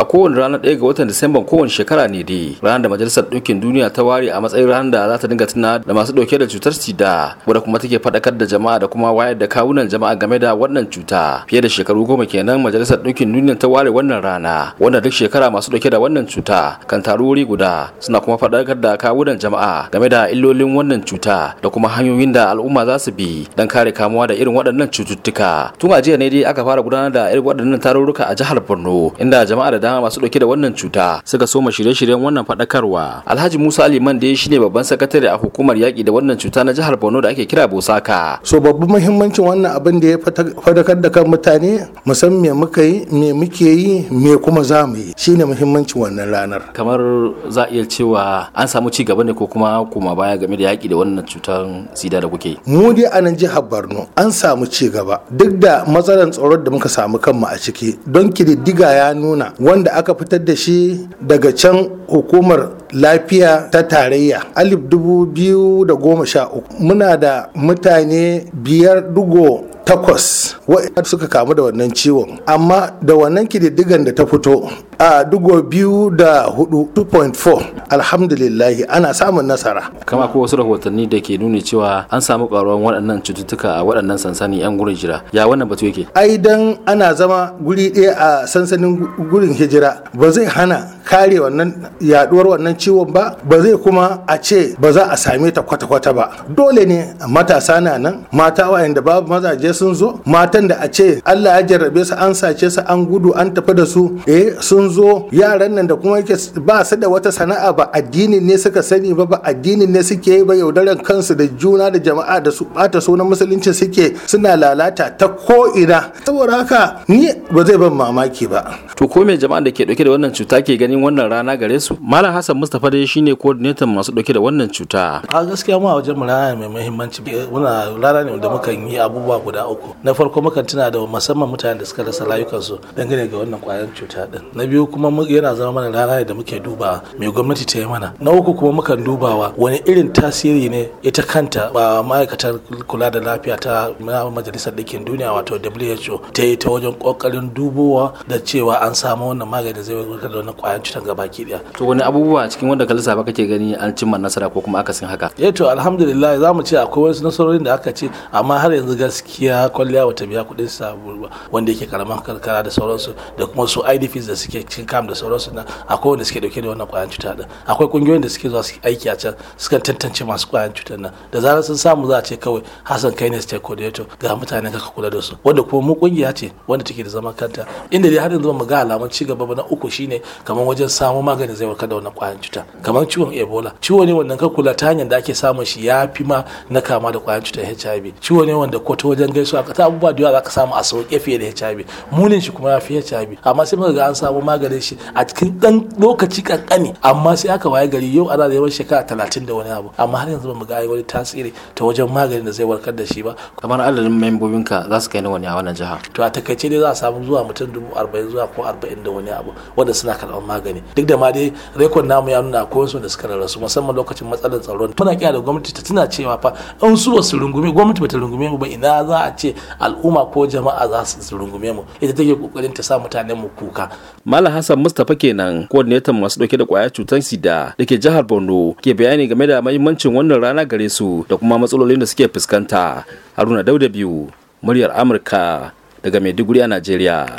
a kowane rana ɗaya ga watan disamban kowane shekara ne dai ranar da majalisar ɗinkin duniya ta ware a matsayin ranar da za ta dinga tuna da masu ɗauke da cutar sida wadda kuma take faɗakar da jama'a da kuma wayar da kawunan jama'a game da wannan cuta fiye da shekaru goma kenan majalisar ɗinkin duniya ta ware wannan rana wanda duk shekara masu ɗauke da wannan cuta kan taru wuri guda suna kuma faɗakar da kawunan jama'a game da illolin wannan cuta da kuma hanyoyin da al'umma za su bi don kare kamuwa da irin waɗannan cututtuka tun a jiya ne dai aka fara gudanar da irin waɗannan tarurruka a jihar borno inda jama'a da dama masu dauke da wannan cuta suka soma shirye-shiryen wannan fadakarwa alhaji musa aliman da shine babban sakatare a hukumar yaki da wannan cuta na jihar borno da ake kira bosaka so babban muhimmancin wannan abin da ya fadakar da kan mutane mu san me muka yi me muke yi me kuma za mu yi shine muhimmancin wannan ranar kamar za iya cewa an samu ci gaba ne ko kuma kuma baya game da yaki da wannan cutar sida da kuke mu dai a nan jihar borno an samu ci gaba duk da matsalar tsaron da muka samu kanmu a ciki don kididdiga ya nuna wani wanda aka fitar da shi daga can hukumar lafiya ta tarayya alif dubu biyu da goma sha uku muna da mutane biyar dugo takwas waɗanda suka kamu da wannan ciwon amma da wannan kididdigan da ta fito a dugo biyu da hudu 2.4 alhamdulillahi ana samun nasara kama ko wasu rahotanni da ke nuna cewa an samu karuwan waɗannan cututtuka a waɗannan sansani yan gurin jira, ya wannan batu yake ai dan ana zama guri ɗaya a sansanin gurin hijira ba zai hana kare wannan yaduwar wannan ciwon ba ba zai kuma a ce ba za a same ta kwata-kwata ba dole ne matasa na nan mata wayanda babu mazaje sun zo matan da a ce Allah ya jarrabe su an sace su an gudu an tafi da su eh sun zo yaran nan da kuma yake ba su da wata sana'a ba addinin ne suka sani ba ba addinin ne suke yi ba yaudaran kansu da juna da jama'a da su bata sunan musulunci suke suna lalata ta ko ina saboda haka ni ba zai ban mamaki ba to ko me jama'an da ke dauke da wannan cuta ke gani ganin wannan rana gare su malam hassan mustapha dai shine coordinator masu dauke da wannan cuta a gaskiya mu a wajen mu rana mai muhimmanci wannan eh, rana ne da muka yi abubuwa guda uku na farko mukan tuna da musamman mutanen da suka rasa rayukansu dangane ga wannan kwayar cuta din na biyu kuma yana zama mana rana ne da muke duba mai gwamnati ta yi mana na uku kuma mukan dubawa wani irin tasiri ne ita kanta ba ma'aikatar kula da lafiya ta majalisar ɗinkin duniya wato WHO ta yi ta wajen kokarin dubowa da cewa an samu wannan magani zai warkar da wannan ci tanga baki daya to wani abubuwa cikin wanda ka lissafa kake gani an cimma nasara ko kuma akasin haka eh to alhamdulillah za mu ce akwai wasu nasarorin da aka ce amma har yanzu gaskiya kwalliya wata biya kuɗin sabuwa wanda yake karaman karkara da sauransu da kuma su IDPs da suke cikin kam da sauransu na akwai wanda suke dauke da wannan kwayan cuta da akwai kungiyoyin da suke zuwa su aiki a can suka tantance masu kwayan cuta nan da zarar sun samu za a ce kawai Hassan kai ne da coordinator ga mutane ka kula da su wanda kuma mu kungiya ce wanda take da zaman kanta inda dai har yanzu mu ga alamun ci gaba na uku shine kamar wajen samun maganin zai warkar da wannan kwayan cuta kamar ciwon ebola ciwo ne wanda ka kula ta hanyar da ake samun shi ya fi ma na kama da kwayan cutar hiv ciwo ne wanda ko ta wajen gaisu ka ta abubuwa da yawa za ka samu a sauƙe fiye da hiv munin shi kuma ya fi hiv amma sai muka ga an samu maganin shi a cikin ɗan lokaci ƙanƙani amma sai aka waye gari yau ana da yawan shekara talatin da wani abu amma har yanzu ba mu ga wani tasiri ta wajen maganin da zai warkar da shi ba kamar adadin membobinka za su kai ni wani a wannan jiha to a takaice dai za a samu zuwa mutum dubu arba'in zuwa ko arba'in da wani abu wanda suna karɓar magani duk da ma dai rekod namu ya nuna akwai wasu da suka rarrasu musamman lokacin matsalar tsaron tana kira da gwamnati ta tuna cewa fa in su su rungume gwamnati bata rungume mu ba ina za a ce al'umma ko jama'a za su rungume mu ita take kokarin ta sa mutanen mu kuka malam hassan mustapha kenan coordinator masu dauke da kwayar cutar sida da ke jihar borno ke bayani game da mahimmancin wannan rana gare su da kuma matsalolin da suke fuskanta haruna dauda biyu muryar amurka daga maiduguri a najeriya